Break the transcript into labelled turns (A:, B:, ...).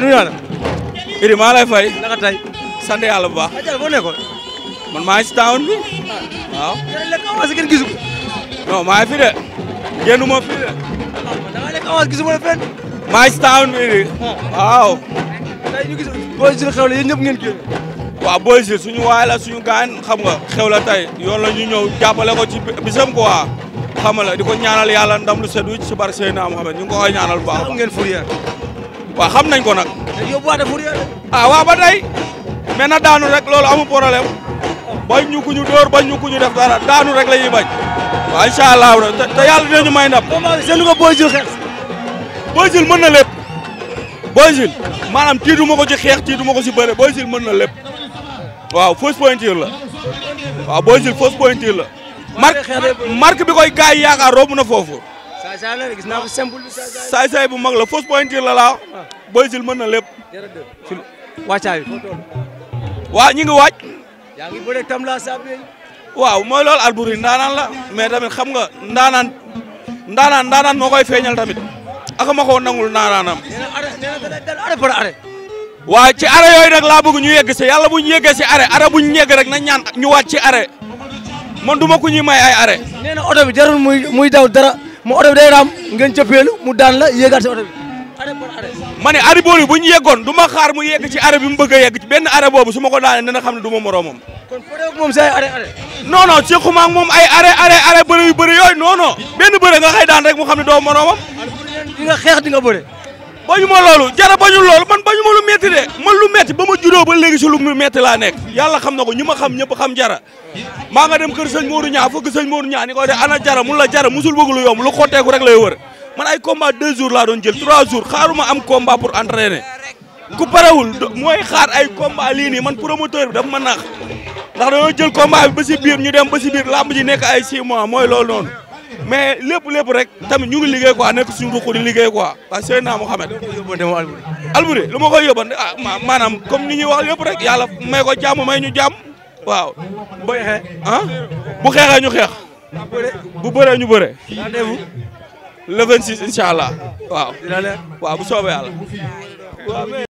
A: nuyu naa la. maa lay fay. naka tey. sant yàlla bu baax. Adja foo nekkoon. man maa ngi si town bi. Ah. waaw. yéen lekk avance ngeen gisu ko. non maa ngi fi de. génn ah, maa ngi si bi Idi. Ah. waaw. tey ñu gis booy xew la yéen ngeen génn. waaw booy jël suñu waay la suñu gaan xam nga xew la tey yoon la ñu ñëw jàppale ko ci bisam quoi. xam la di ko ñaanal yàlla ndam lu sedd wi ci barke Seydina Muhammad ñu ko koy ñaanal bu ngeen Fourrière. waaw xam nañ ko nag. yóbbuwaate fourrière ah waaw ba tey mais na daanu rek loolu amu problème bañ ñu ku ñu dóor bañ ñu ku ñu def dara daanu rek la ñuy bañ. waaw allah te yàlla dinañu may ndam. seen ko Boy Jules xeex. Boy Jules mën na lépp. Boy Jules maanaam ma ko ci xeex tiitu ma ko ci bëre Boy Jules mën na lépp waaw fausse pointure la waaw Boy Jules fausse pointure la. marque bi koy gars yi yaakaar romb na foofu. saay la gis naa ko simple bi saay saay bu mag la fausse pointure la laa ah. Boy Jules mën na lépp wàccaay waaw ñi ngi waaj la waaw mooy loolu Alboury ndaanaan la mais tamit xam nga ndaanaan ndaanaan ndaanaan moo koy feeñal tamit aka ma ko nangul ndaanaanam waaw ci arrêt yooyu nag laa bëgg ñu yegg si yàlla bu si arrêt bu ñu yegg rek na ñaan ñu waat ci ma ku ñuy may ay arrêt nee na oto bi jarul muy daw dara mu oto bi day raam ngeen cëppeelu mu daan la yéegaat si oto bi arrêt pour arrêt ma ne arrêt boobu bu ñu yeggoon du ma xaar mu yegg ci arrêt bi mu bëgg a yegg ci benn arrêt boobu su ma ko daanee dina xam ne du ma moroomam kon foo ak moom si ay moom ay arrêt arrêt arrêt bëri yu bëri yooyu non non benn bëri nga xëy daan rek mu xam ne doo moroomam di nga xeex di nga bëri bañu ma loolu jara bañu loolu man bañu ma lu metti de man lu metti ba ma juddoo ba léegi si lu metti laa nekk yàlla xam na ko ñi ma xam ñëpp xam jara maa nga dem kër sëñ Modou ñaa fëgg sëñ Modou ñaa ni ko de ana jara mun la jara musul bëgg lu yomb lu xotteeku rek la wër man ay combat deux jours laa doon jël trois jours xaaruma am combat pour entraîner ku parewul mooy xaar ay combat lii nii man promoteur bi dafa ma nax ndax dañoo jël combat bi ba si biir ñu dem ba si biir làmb ji nekk ay six mooy loolu noonu mais lépp lépp rek tamit ñu ngi liggéey quoi nekk suñu ruq di liggéey quoi parce que Seydina Mouhamed Alboury lu ma koy yóbbante ah maanaam comme ni ñu wax lépp rek yàlla may ko jàmm may ñu jàmm waaw bu xeexee ah bu xeexee ñu xeex bu bëree ñu bëree le 26 incha allah waaw waaw bu soobee